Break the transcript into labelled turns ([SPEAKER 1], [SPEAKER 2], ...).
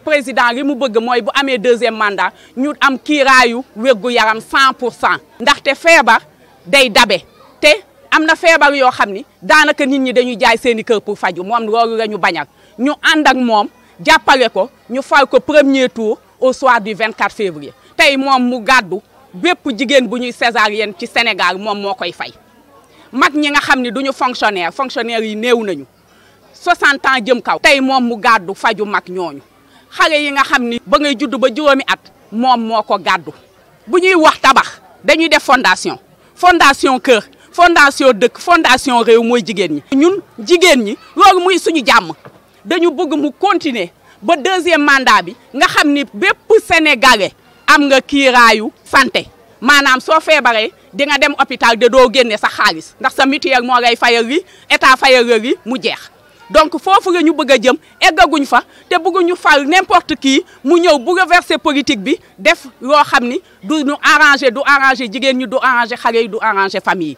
[SPEAKER 1] président li mu bëgg mooy bu amee deuxième mandat ñu am kiiraayu wérgu yaram cent pour cent ndaxte feebar day dabe te am na feebar yoo xam ni daanaka nit ñi dañuy jaay seen i kër pour faju moom loolu la ñu bañal ñu ànd ak moom jàppale ko ñu fal ko premier tour au soir du vingt 24 février tey moom mu gàddu bépp jigéen bu ñuy césarienne ci Sénégal moom moo koy fay mag ñi nga xam ni duñu fonctionnaire fonctionnaire yi néew nañu 60 ans jëm kaw tey moom mu gàddu faju mag ñooñu xale yi nga xam ni ba ngay judd ba juróomi at moom moo ko gàddu bu ñuy wax tabax dañuy def fondation fondation kër fondation dëkk fondation réew mooy jigéen ñi ñun jigéen ñi loolu muy suñu jàmm dañu bëgg mu continuer ba deuxième mandat bi nga xam ni bépp sénégalais am nga kiiraayu sante maanaam soo feebaree di nga dem hôpital de doo génne sa xaalis ndax sa mutuelle moo lay fayal li état fayal li mu jeex donc fofu la ñu bëgg jëm éggaguñ fa té bëgguñu fal n'importe qui mu ñëw bouleverser politique bi def lo xamni du ñu arranger du arranger jigen ñu du arranger xalé du arranger famille